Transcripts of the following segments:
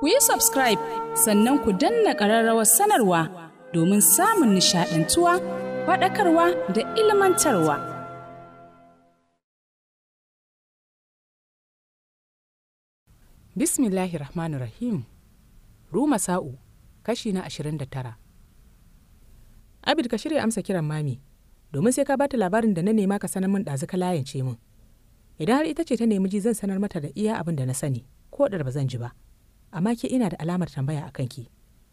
ku yi subscribe sannan ku danna ƙararrawar sanarwa domin samun nishaɗantuwa faɗakarwa da ilmantarwa. Bismillahi Rahim Ruma Sa'u kashi na 29 Abid ka shirya amsa kiran mami domin sai ka bata labarin da na nema ka sanar min ɗazu ka layance min. Idan har ita ce ta nemi ji zan sanar mata da iya abin da na sani ko ɗar ba zan ji ba. amma ke ina da alamar tambaya a kanki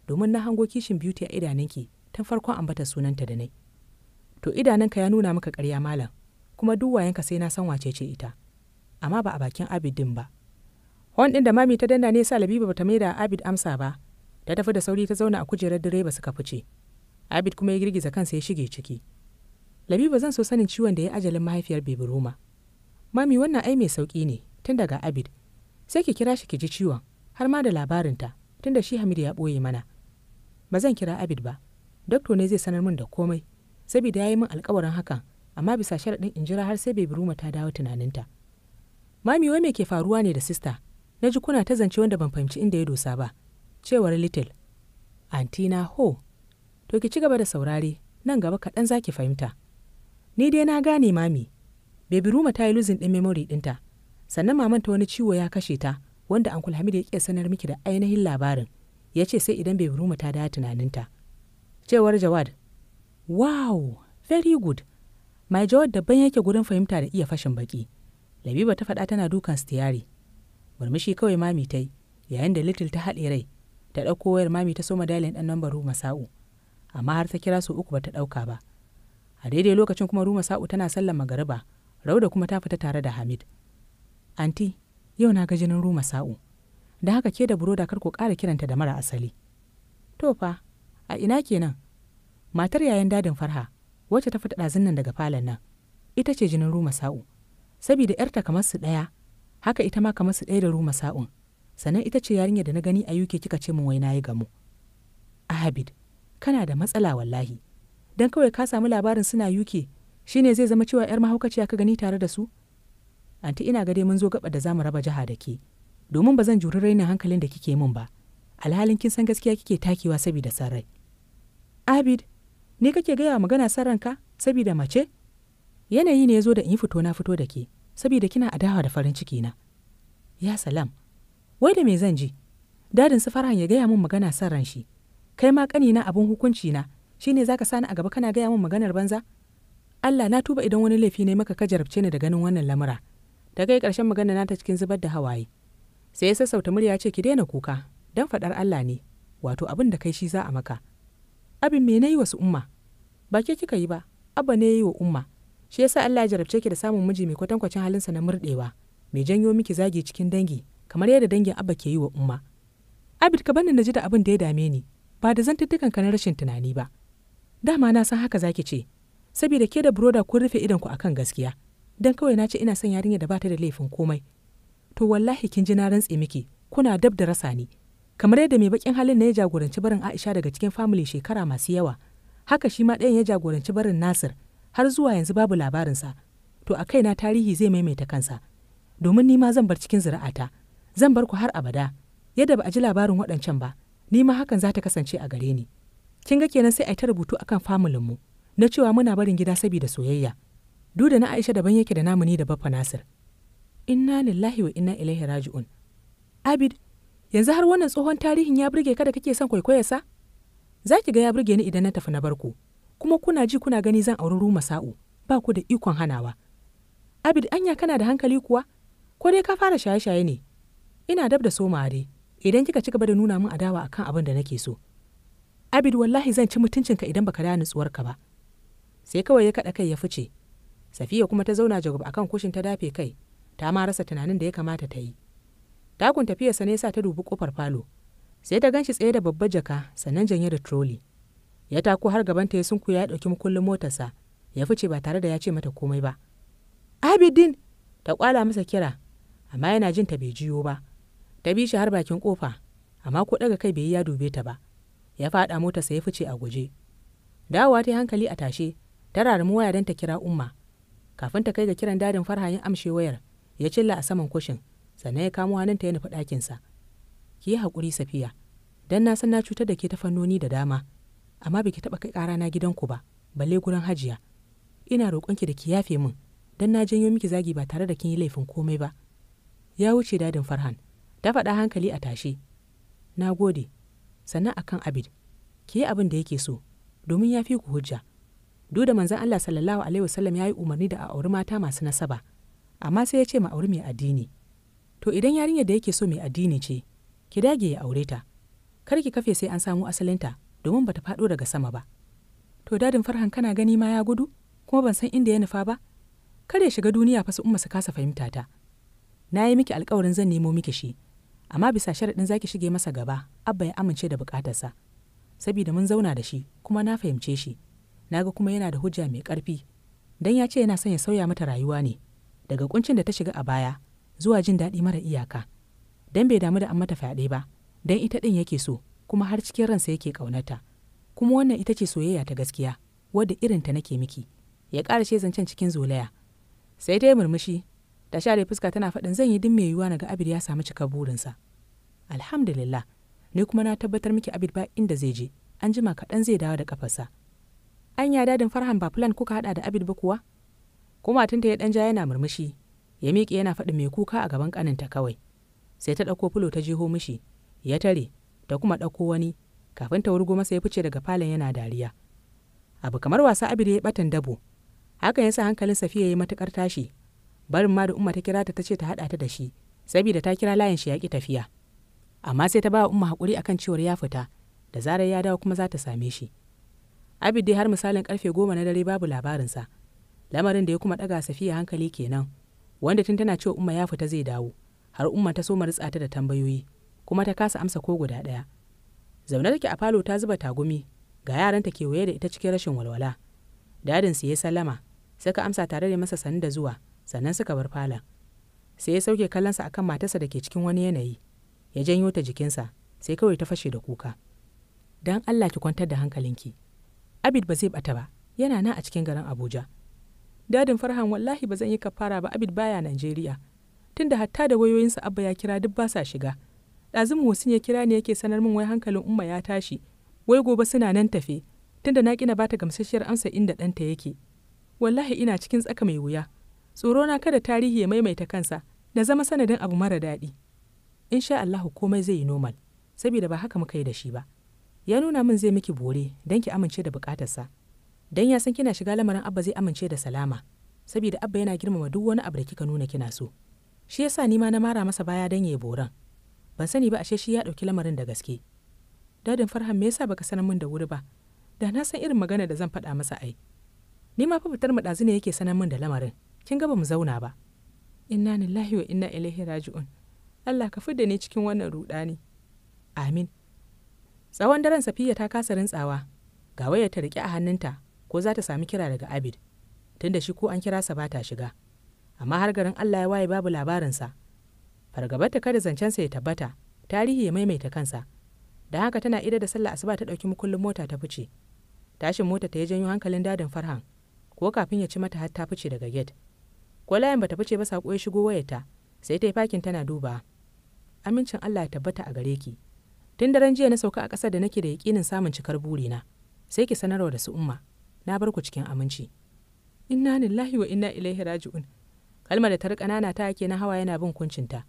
domin na hango kishin beauty a idanunki tun farkon ambata sunanta da nai to idanunka ya nuna maka karya malam kuma duk wayanka sai na san wace ce ita amma ba a bakin abid din ba hon din da mami ta danna ne sa labiba bata mai da abid amsa ba ta tafi da sauri ta zauna a kujerar direba suka fice abid kuma ya girgiza kansa ya shige ciki labiba zan so sanin ciwon da ya ajalin mahaifiyar bebi roma mami wannan ai mai sauki ne tun daga abid sai ki kira shi ki ji ciwon har ma da labarinta tunda shi Hamidu ya ɓoye mana. Ba zan kira Abid ba, dokto ne zai sanar min da komai, saboda ya yi min alkawarin hakan, amma bisa sharaɗin in jira har sai bai ta dawo tunaninta. Mami wai me ke faruwa ne da sista? Na ji kuna ta zance wanda ban fahimci inda ya dosa ba, cewar Little. aunty na ho, to ki ci gaba da saurare, nan gaba kaɗan za ki fahimta. Ni dai na gane mami, bai ta yi luzin ɗin memori ɗinta, sannan maman ta wani ciwo ya kashe ta, wanda Uncle hamid ya ke sanar miki da ainihin labarin ya ce sai idan bai ruma ta daya tunaninta cewar jawad wow very good mai jawad daban yake gurin fahimta da iya fashin baki labiba ta faɗa tana dukan stiyari murmushi kawai mami ta yi yayin da little ta haɗe rai ta ɗauko wayar mami ta soma dalin ɗan nambar ruma sa'u amma har ta kira su uku ba ta ɗauka ba a daidai lokacin kuma ruma sa'u tana sallama garba, rauda kuma ta fita tare da hamid anti yau na ga jinin ruma sa'u da haka ke da buroda kar ku ƙara kiranta da mara asali to fa a ina kenan matar yayan dadin farha wacce ta fita ɗazun nan daga falon nan ita ce jinin ruma sa'u saboda yarta kamar su ɗaya haka ita ma kamar su ɗaya da ruma sa'un sannan ita ce yarinya da na gani a UK kika ce min wai na gamu. Ahabid, kana da matsala wallahi. Dan kawai ka samu labarin suna UK, shine zai zama cewa 'yar mahaukaciya ka gani tare da su? anti ina ga dai mun zo gaba da zamu raba jiha da ke domin ba zan juri rainin hankalin da kike min ba alhalin kin san gaskiya kike takewa saboda sarai abid ne kake gaya wa magana saranka saboda mace yanayi ne ya zo da in fito na fito da ke saboda kina adawa da farin ciki na ya salam wai da me zan ji dadin su farhan ya gaya min magana san ran shi kai ma kani na abin hukunci na shine zaka sani a gaba kana gaya min maganar banza Allah na tuba idan wani laifi ne maka ka jarabce ni da ganin wannan lamura ta kai ƙarshen magana nata cikin zubar da hawaye sai ya sassauta murya ce ki daina kuka don faɗar Allah ne wato abin da kai shi za a maka abin me na yi wasu umma ba ke kika yi ba abba ne ya yi wa umma shi yasa Allah ya jarabce ki da samun miji mai kwatankwacin halinsa na murɗewa mai janyo miki zagi cikin dangi kamar yadda dangin abba ke yi wa umma abid ka bani na ji da abin da ya dame ni ba da zantuttukan ka na rashin tunani ba dama na san haka zaki ce saboda ke da buroda kun rufe idanku akan gaskiya dan kawai na ce ina son yarinya da bata da laifin komai to wallahi kin ji na rantse miki kuna dab da rasa ni kamar yadda mai bakin halin na ya jagoranci barin Aisha daga cikin family shekara masu yawa haka shi ma ɗayan ya jagoranci barin Nasir har zuwa yanzu babu labarin sa to a kaina tarihi zai maimaita kansa domin ni ma zan bar cikin zuri'ata zan bar ku har abada yadda ba a ji labarin waɗancan ba ni ma hakan za ta kasance a gare ni kin ga kenan sai a ta rubutu akan familin mu na cewa muna barin gida saboda soyayya duk da na aisha daban yake da namuni da baffa nasir inna lillahi wa inna ilaihi raji'un abid yanzu har wannan tsohon tarihin ya burge ka da kake son kwaikwayarsa za ki ga ya burge ni idan na tafi na barku kuma kuna ji kuna gani zan auri ruma sa'u ba ku da ikon hanawa abid anya kana da hankali kuwa ko dai ka fara shaye-shaye ne ina dab da soma dai idan kika ci gaba da nuna min adawa akan abin da nake so abid wallahi zan ci mutuncinka idan baka da ka ba sai kawai ya kaɗa kai ya fice safiya kuma ta zauna jagab akan kushin ta dafe kai ta ma rasa tunanin da ya kamata ta yi takun sa ne sa ta dubi kofar falo sai ta ganshi tsaye da babbar jaka sannan janye da troli ya tako har gaban ta ya sunku ya ɗauki mukullin motarsa ya fice ba tare da ya ce mata komai ba abidin ta kwala masa kira amma yana jin ta bai jiyo ba ta bi shi har bakin kofa amma ko daga kai bai yi ya dube ta ba ya faɗa motarsa ya fice a guje dawowa ta hankali a tashe ta rarumi waya don ta kira umma kafin ta kai ga kiran dadin farha ya amshe wayar ya cilla a saman kushin sannan ya kamo hannunta ya nufi ɗakinsa ki yi haƙuri safiya don na san na cutar da ke ta fannoni da dama amma baki taɓa kai ƙara na gidanku ba balle gurin hajiya ina roƙonki da ki yafe min don na janyo miki zagi ba tare da kin yi laifin komai ba ya wuce dadin farhan ta faɗa hankali a tashe na gode sannan akan abid ki yi abin da yake so domin ya fi ku hujja duk da manzon Allah sallallahu alaihi wasallam ya yi umarni da a auri mata masu nasaba amma sai ya ce ma auri mai addini to idan yarinyar da yake so mai addini ce ki dage ya aure ta kar ki kafe sai an samu asalinta domin bata faɗo daga sama ba to dadin farhan kana gani ma ya gudu kuma ban san inda ya nufa ba kar ya shiga duniya fa su umma su kasa fahimta ta na yi miki alkawarin zan nemo miki shi amma bisa sharaɗin ki shige masa gaba abba ya amince da buƙatarsa. sabida mun zauna da shi kuma na fahimce shi na ga kuma yana da hujja mai ƙarfi don ya ce yana son ya sauya mata rayuwa ne daga kuncin da ta shiga a baya zuwa jin daɗi mara iyaka don bai damu da an mata fyaɗe ba don ita ɗin yake so kuma har cikin ransa yake ƙaunata kuma wannan ita ce soyayya ta gaskiya wadda irinta nake miki ya ƙara ce zancen cikin zolaya sai ta yi murmushi ta share fuska tana faɗin zan yi duk mai yiwuwa naga abid ya samu cika burinsa alhamdulillah ni kuma na tabbatar miki abid ba inda zai je an jima kaɗan zai dawo da kafarsa ya dadin farhan ba plan kuka hada da abid ba kuwa kuma tunta ya dan ja yana murmushi ya miƙe yana faɗin mai kuka a gaban ƙaninta kawai sai ta ɗauko fulo ta jeho mishi ya tare ta kuma ɗauko wani kafin ta wurgo masa ya fice daga falon yana dariya abu kamar wasa abid ya batan dabo hakan ya sa hankalin safiya ya yi matuƙar tashi barin ma da umma ta kira ta ta ce ta haɗa ta da shi sabida ta kira layin shi ya ƙi tafiya amma sai ta ba umma haƙuri akan cewar ya fita da zarar ya dawo kuma za ta same shi abid dai har misalin karfe goma na dare babu labarinsa lamarin da ya kuma daga safiya hankali kenan wanda tun tana cewa umma ya fita zai dawo har umma ta so maritsa ta da tambayoyi kuma ta kasa amsa ko guda ɗaya zaune take a falo ta zuba tagumi ga yaranta kewaye da ita cikin rashin walwala dadin su ya sallama suka amsa tare da masa sanin da zuwa sannan suka bar falon sai ya sauke sa akan matarsa da ke cikin wani yanayi ya janyo ta jikinsa sai kawai ta fashe da kuka don allah ki kwantar da hankalinki abid ba zai bata ba yana nan a cikin garin abuja dadin farhan wallahi ba zan yi kafara ba abid baya najeriya tunda hatta da wayoyinsa abba ya kira duk basa sa shiga ɗazin musin ya kira ne yake sanar min wai hankalin umma ya tashi wai gobe suna nan tafe tunda na kina bata gamsasshiyar amsa inda ɗanta yake wallahi ina cikin tsaka mai wuya tsoro na kada tarihi ya maimaita kansa na zama sanadin abu mara daɗi insha Allahu komai zai yi nomal saboda ba haka muka yi da shi ba ya nuna min zai miki bore don ki amince da bukatarsa don ya san kina shiga lamarin abba zai amince da salama saboda abba yana girmama duk wani abu da kika nuna kina so shi yasa ni ma na mara masa baya don yi boran ban sani ba ashe shi ya ɗauki lamarin da gaske dadin farhan me yasa baka sanar min da wuri ba da na san irin magana da zan faɗa masa ai ni ma fa fitar madazu ne yake sanar min da lamarin kin ga ba mu zauna ba inna lillahi wa inna ilaihi raji'un Allah ka fidda ni cikin wannan ruɗani amin tsawon daren safiya ta kasa rintsawa ga wayar ta rike a hannunta ko za ta sami kira daga abid tunda shi ko an kira sa ba ta shiga amma har garin allah ya waye babu labarinsa fargabarta kada zancensa ya tabbata tarihi ya maimaita kansa da haka tana ida da sallah asuba ta ɗauki mukullin mota ta fice tashin mota ta ya janyo hankalin dadin farhan ko kafin ya ci mata har ta fice daga get. ko layin bata fice ba sako ya shigo wayarta sai ta yi fakin tana duba amincin allah ya tabbata a gare ki tun daren jiya na sauka a ƙasar da nake da yaƙinin samun cikar burina sai ki sanarwa da su umma na bar ku cikin aminci inna lillahi wa inna ilaihi raji'un kalmar da ta riƙa nana ta ake na hawa yana bin kuncinta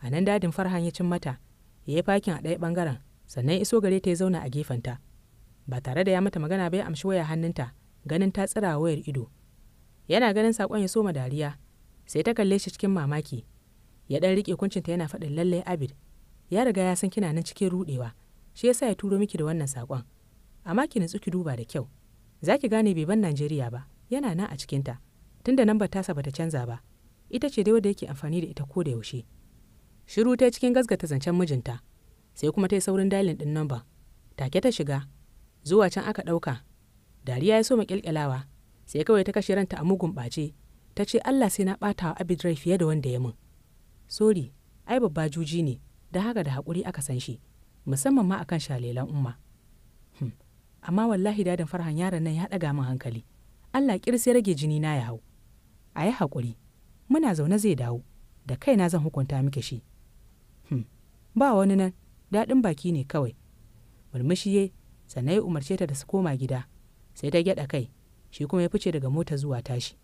a nan dadin farhan ya cin mata ya yi fakin a ɗaya ɓangaren sannan iso gare ta ya zauna a gefenta ba tare da ya mata magana ba ya amshi waya hannunta ganin ta tsira wayar ido yana ganin saƙon ya soma dariya sai ta kalle shi cikin mamaki ya ɗan riƙe kuncinta yana faɗin lallai abid ya riga ya san kina nan cikin rudewa shi yasa ya turo miki da wannan sakon amma ki nutsu ki duba da kyau za ki gane bai ban Najeriya ba yana nan a cikinta tunda nan ba tasa bata canza ba ita ce dai wadda yake amfani da ita ko da yaushe shiru ta cikin gasgata zancen mijinta sai kuma ta yi saurin dalin din nan take ta shiga zuwa can aka ɗauka dariya ya so kyalkyalawa sai kawai ta kashe ranta a mugun ɓace ta ce Allah sai na ɓata wa Abid rai fiye da wanda ya min. Sori, ai babba juji ne, da haka da haƙuri aka san shi musamman ma akan shalelan umma hmm, amma wallahi dadin farhan yaron nan ya ɗaga min hankali allah sai rage jini na ya hau a yi haƙuri muna zaune zai dawo da kaina zan hukunta miki shi hmm, ba wani nan daɗin baki ne kawai murmushi ye sannan ya umarce ta da su koma gida sai ta gyaɗa kai shi kuma ya fice daga mota zuwa tashi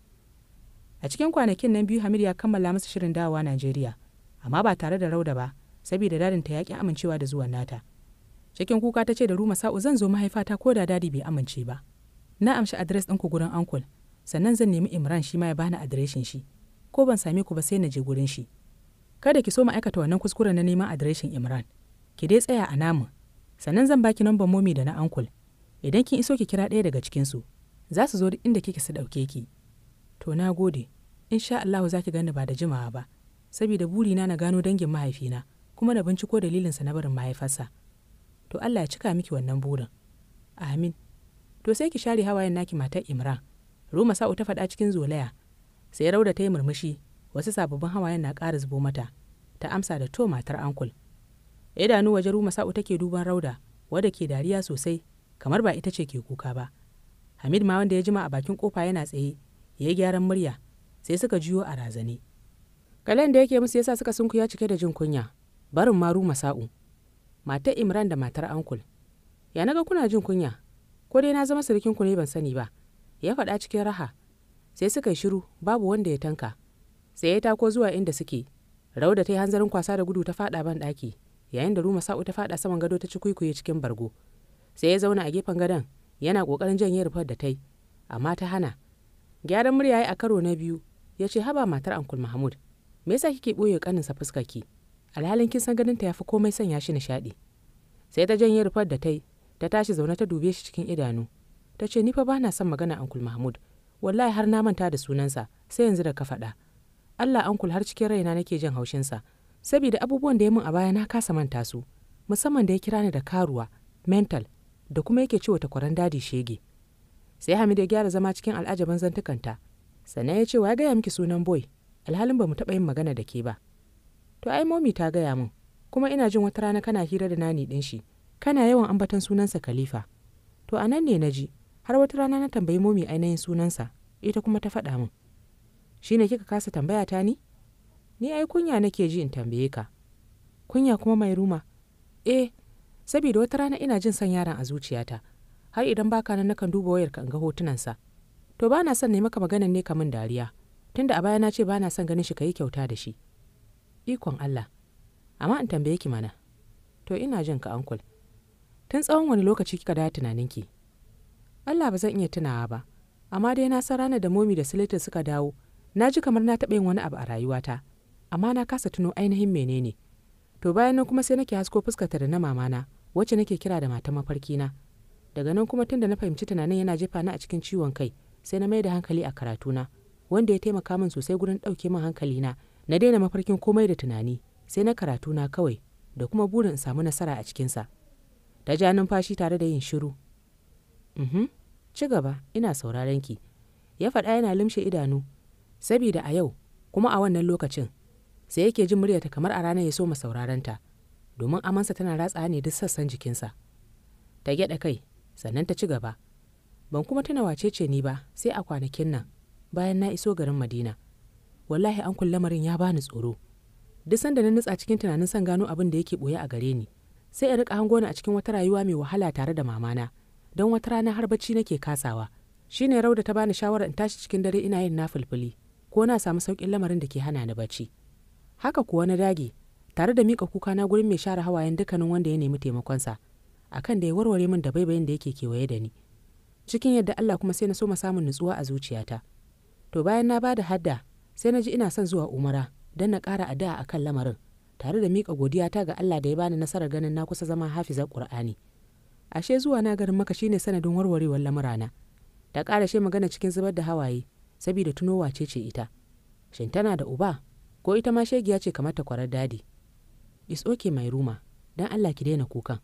a cikin kwanakin nan biyu hamid ya kammala masa shirin dawowa najeriya amma ba tare da rauda ba saboda dadinta ya ki amincewa da zuwan nata cikin kuka ta ce da ruma sa'u zan zo mahaifata ko da dadi bai amince ba na amshi adres ɗin ku gurin ankul sannan zan nemi imran shi ma ya bani adireshin shi ko ban same ku ba sai na je gurin shi kada ki so ma aikata wannan kuskuren na neman adireshin imran ki dai tsaya a namu sannan zan baki namban momi da na ankul idan kin iso ki kira ɗaya daga cikinsu za su zo duk inda kike su ɗauke ki to na gode insha Allah za ki gani ba da jimawa ba saboda burina na gano dangin mahaifina kuma na binciko dalilinsa na barin mahaifarsa to Allah ya cika miki wannan burin amin to sai ki share hawayen naki matar Imran Ruma sa'u ta faɗa cikin zolaya sai Rauda ta yi murmushi wasu sababbin hawayen na ƙara zubo mata ta amsa da to matar ankul idanu waje Ruma sa'u take duban Rauda wadda ke dariya sosai kamar ba ita ce ke kuka ba Hamid ma wanda ya jima a bakin kofa yana tsaye ya yi gyaran murya sai suka juyo a razane. Kalan da yake musu yasa suka sunkuya cike da jin kunya barin maru masa'u matar imran da matar ankul ya naga kuna jin kunya ko dai na zama sirikinku ne ban sani ba ya faɗa cikin raha sai suka yi shiru babu wanda ya tanka sai ya tako zuwa inda suke rauda ta yi hanzarin kwasa da gudu ta faɗa ban ɗaki yayin da ruma sa'u ta faɗa saman gado ta ci kuikuye cikin bargo sai ya zauna a gefen gadon yana ƙoƙarin janye rufar da ta yi amma ta hana gyaran murya ya yi a karo na biyu ya ce haba matar ankul mahmud me yasa kike ɓoye ƙaninsa ki? alhalin kin san ganin ta yafi komai sanya shi nishaɗi sai ta janye rufar da ta yi ta tashi zaune ta dube shi cikin idanu ta ce ni fa ba na son magana ankul mahmud wallahi har na manta da sunansa sai yanzu da ka faɗa allah ankul har cikin raina nake jin haushinsa saboda abubuwan da ya min a baya na kasa manta su musamman da ya kira ni da karuwa mental da kuma yake cewa takwaran dadi shege sai hamid ya gyara zama cikin al'ajaban zantukanta sannan ya ce wa ya gaya miki sunan boy alhalin ba mu taɓa yin magana da ke ba to ai momi ta gaya min kuma ina jin wata rana kana hira da nani ɗin shi kana yawan ambaton sunansa kalifa to a nan ne na ji har wata rana na tambayi momi ainihin sunansa ita kuma ta faɗa min shi ne kika kasa tambaya ta ni ni ai kunya nake ji in tambaye ka kunya kuma mai ruma eh saboda wata rana ina jin son yaron a zuciyata har idan baka nan nakan duba wayarka in ga hotunansa to bana son ne maka maganan ne kamin dariya tunda a baya na ce bana son ganin shi yi kyauta da shi ikon Allah amma in tambaye ki mana to ina jin ka ankul tun tsawon wani lokaci kika da tunaninki Allah ba zan iya tunawa ba amma dai na san rana da momi da silitin suka dawo na ji kamar na taɓa yin wani abu a rayuwata amma na kasa tuno ainihin menene to bayan nan kuma sai nake hasko fuskata da na mamana wacce nake kira da mata na daga nan kuma tun da na fahimci tunanin yana jefa ni a cikin ciwon kai sai na mai da hankali a karatuna wanda ya taimaka min sosai gurin ɗauke min hankalina na daina mafarkin komai da tunani sai na karatu na kawai da kuma burin in samu nasara a cikinsa ta ja numfashi tare da yin shiru mhm ci gaba ina sauraron ki ya faɗa yana limshe idanu sabida a yau kuma a wannan lokacin sai yake jin muryarta kamar a ranar ya so ta domin amansa tana ratsa ne duk sassan jikinsa ta gyaɗa kai sannan ta ci gaba ban kuma tana wacece ni ba sai a kwanakin nan bayan na iso garin madina wallahi an lamarin ya bani tsoro duk sanda na nutsa cikin tunanin son gano abin da yake boye a gare ni sai in rika hango ni a cikin wata rayuwa mai wahala tare da mamana don wata rana har bacci nake kasawa shine rauda ta bani shawara in tashi cikin dare ina yin nafulfuli ko na samu saukin lamarin da ke hana ni bacci haka kuwa na dage tare da mika kuka na gurin mai share hawayen dukkanin wanda ya nemi taimakonsa akan da ya warware min da baibayin da yake kewaye da ni cikin yadda Allah kuma sai na so samun nutsuwa a zuciyata to bayan na bada hadda sai na ji ina son zuwa umara don na kara addu'a a kan lamarin tare da miƙa godiyata ga Allah da ya bani nasarar ganin na kusa zama hafizar ƙur'ani Ashe zuwa na garin maka shine sanadin warwarewar lamurana. Ta ƙara she magana cikin zubar da hawaye saboda tunowa wace ce ita. Shin tana da uba ko ita ma shegiya ce kamar ta kwarar dadi. Is okay mai ruma don Allah ki daina kukan.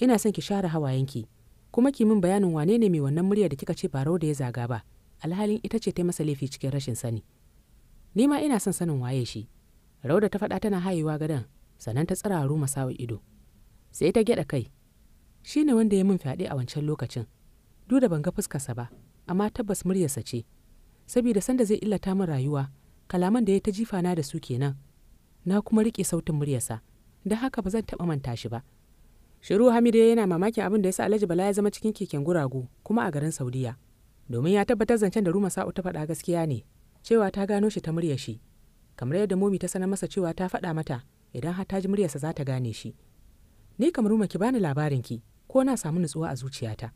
Ina son ki share hawayenki kuma ki min bayanin wane ne mai wannan murya da kika ce farau da ya zaga ba alhalin ita ce ta masa laifi cikin rashin sani. ni ma ina son sanin waye shi rauda ta faɗa tana hayewa gadon sannan ta tsara ruma ido sai ta gyaɗa kai shi ne wanda ya min fyaɗe a wancan lokacin duk da ban ga fuskarsa ba amma tabbas muryarsa ce saboda sanda zai illata min rayuwa kalaman da ya ta jifa na da su kenan na kuma riƙe sautin muryarsa don haka ba zan taɓa manta shi ba shiru hamidu yana mamakin abin da ya sa alhaji bala ya zama cikin keken guragu kuma a garin saudiya domin ya tabbatar zancen da ruma sa'u ta faɗa gaskiya ne cewa ta gano shi ta murya shi kamar yadda momi ta sanar masa cewa ta faɗa mata idan har ta ji muryarsa za ta gane shi ni kamar ruma ki bani labarin ki ko na samu nutsuwa a zuciyata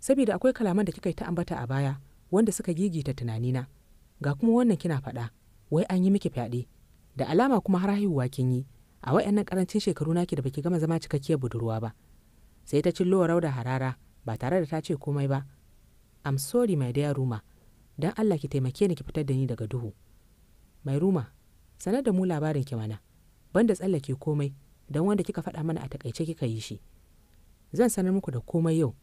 saboda akwai kalaman da kika yi ta ambata a baya wanda suka gigita tunanina ga kuma wannan kina faɗa wai an yi miki fyaɗe da alama kuma har haihuwa kin yi a wayannan karancin shekaru naki da baki gama zama cikakkiyar budurwa ba sai ta cillo rauda harara ba tare da ta ce komai ba i'm sorry my dear ruma don allah ki taimake ni ki fitar da ni daga duhu mai ruma sanar da mu labarin ki mana banda tsallake komai don wanda kika faɗa mana a takaice kika yi shi zan sanar muku da komai yau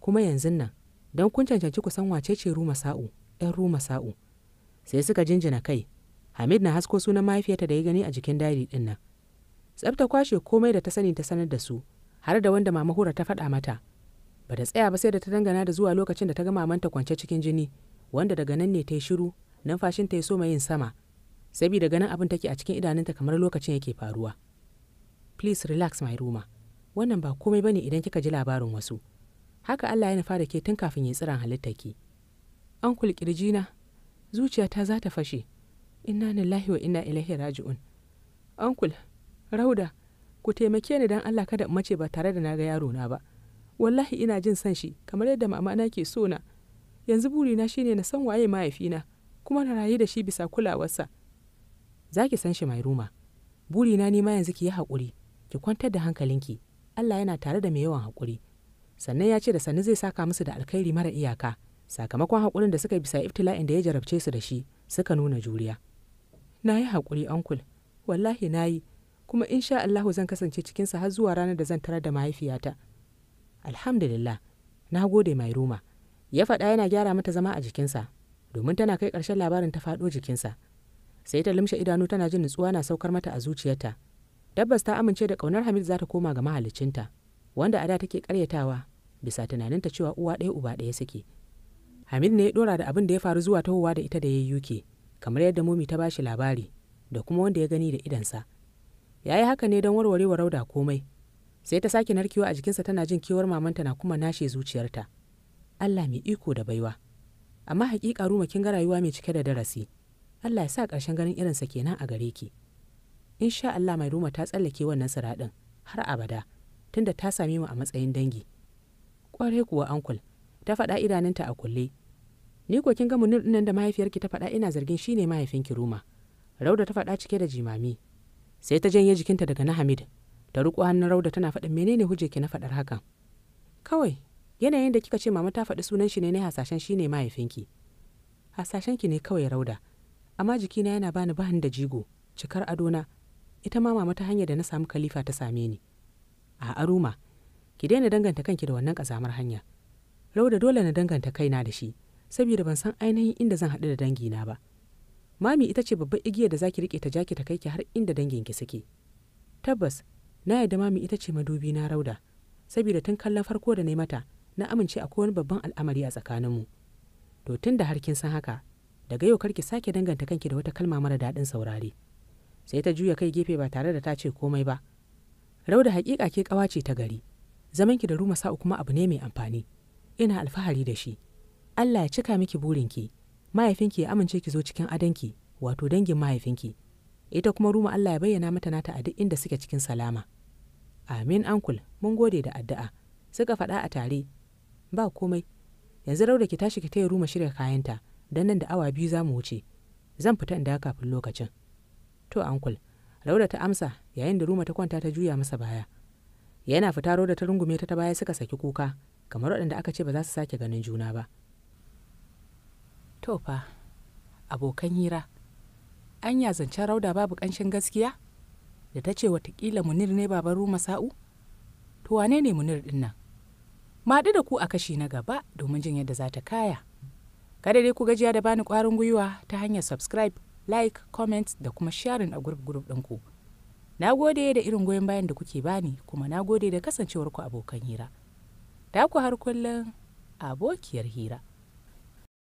kuma yanzu nan don kun cancanci ku san wace ce ruma sa'u yan ruma sa'u sai suka jinjina kai hamid na hasko sunan mahaifiyarta da ya gani a jikin dari ɗin nan tsafta kwashe komai da ta sani ta sanar da su har da wanda mama hura ta faɗa mata ba ta tsaya ba sai da ta dangana da zuwa lokacin da ta ga mamanta kwance cikin jini wanda daga nan ne ta yi shiru numfashinta ya soma yin sama daga nan abin take a cikin idanunta kamar lokacin yake faruwa please relax my ruma wannan ba komai bane idan kika ji labarin wasu haka Allah ya nufa da ke tun kafin ya tsiran halittar ki an zuciya zuciyata za ta fashe inna lillahi wa inna ilaihi raji'un ankul rauda ku taimake ni dan Allah kada in mace ba tare da na ga yaro na ba wallahi ina jin son shi kamar yadda mama na ke so na yanzu burina shine na san waye mahaifina kuma na rayu da shi bisa kulawarsa za ki san shi mai ruma burina ni ma yanzu ki yi haƙuri ki kwantar da hankalinki Allah yana tare da mai yawan haƙuri sannan ya ce da sannu zai saka musu da alkhairi mara iyaka sakamakon haƙurin da suka bisa iftila'in da ya jarabce su da shi suka nuna juriya na yi haƙuri ankul wallahi na yi kuma insha Allahu zan kasance cikinsa har zuwa ranar da zan tarar da mahaifiyata alhamdulillah na gode mai ruma ya faɗa yana gyara mata zama a jikinsa domin tana kai ƙarshen labarin ta faɗo jikinsa sai ta limshe idanu tana jin nutsuwa na saukar mata a zuciyarta tabbas ta amince da ƙaunar hamid za ta koma ga mahalicinta wanda a da take ƙaryatawa bisa tunaninta cewa uwa ɗaya uba ɗaya suke hamid ne ya ɗora da abin da ya faru zuwa tahowa da ita da ya yi yuke kamar yadda momi ta bashi labari da kuma wanda ya gani da idansa ya yi haka ne don warware wa rauda komai sai ta sake narkewa a jikinsa tana jin kewar mamanta na kuma nashe zuciyarta Allah mai iko da baiwa amma hakika ruma kin ga rayuwa mai cike da darasi Allah ya sa ƙarshen ganin irinsa kenan a gare ki insha Allah mai ruma ta tsallake wannan siraɗin har abada tunda ta same mu a matsayin dangi Kware kuwa ankul ta faɗa idanunta a kulle ni ko kin ga munir nan da mahaifiyarki ta faɗa ina zargin shine mahaifinki ruma rauda ta faɗa cike da jimami sai ta janye jikinta daga na hamid ta riƙo hannun rauda tana faɗin menene hujje ki na faɗar hakan kawai yanayin da kika ce mama ta faɗi sunan shi ne na hasashen shi ne mahaifinki hasashen ki ne kawai rauda amma jikina yana bani bahan da jigo cikar adona ita ma mama ta hanyar da na samu kalifa ta same ni a aruma ki daina danganta kanki da wannan kazamar hanya rauda dole na danganta kaina da shi saboda ban san ainihin inda zan haɗu da na ba mami ita ce babban igiyar da zaki rike ta jaki ta kai ki har inda danginki suke tabbas na yarda mami ita ce madubi na rauda saboda tun kallon farko da na mata na amince akwai wani babban al'amari a tsakaninmu to tun da har kin san haka daga yau karki sake danganta kanki da wata kalma mara daɗin saurare sai ta juya kai gefe ba tare da ta ce komai ba rauda haƙiƙa ke ƙawa ce ta gari zamanki da ruma sa'u kuma abu ne mai amfani ina alfahari da shi Allah ya cika miki burinki mahaifinki ya amince ki zo cikin adanki wato dangin mahaifinki ita kuma ruma Allah ya bayyana mata nata a duk inda suke cikin salama amin ankul mun gode da addu'a suka faɗa a tare ba komai yanzu rauda ki tashi ki taya ruma shirya kayanta don nan da awa biyu za mu wuce zan fita in da kafin lokacin to ankul rauda ta amsa yayin da ruma ta kwanta ta juya masa baya yana fita rauda ta rungume ta ta baya suka saki kuka kamar waɗanda aka ce ba za su sake ganin juna ba to fa abokan hira anya zancen rauda babu ƙanshin gaskiya da ta ce watakila munir ne baban ruma sa'u to wane ne munir dinnan? maɗu da ku a kashi na gaba domin jin yadda za ta kaya. Kada dai ku gajiya da bani ƙwarin gwiwa ta hanyar subscribe, like, comment da kuma sharin a group group ɗinku. Na gode da irin goyon bayan da kuke bani kuma na gode da kasancewarku abokan hira. Ta ku har kullum abokiyar hira.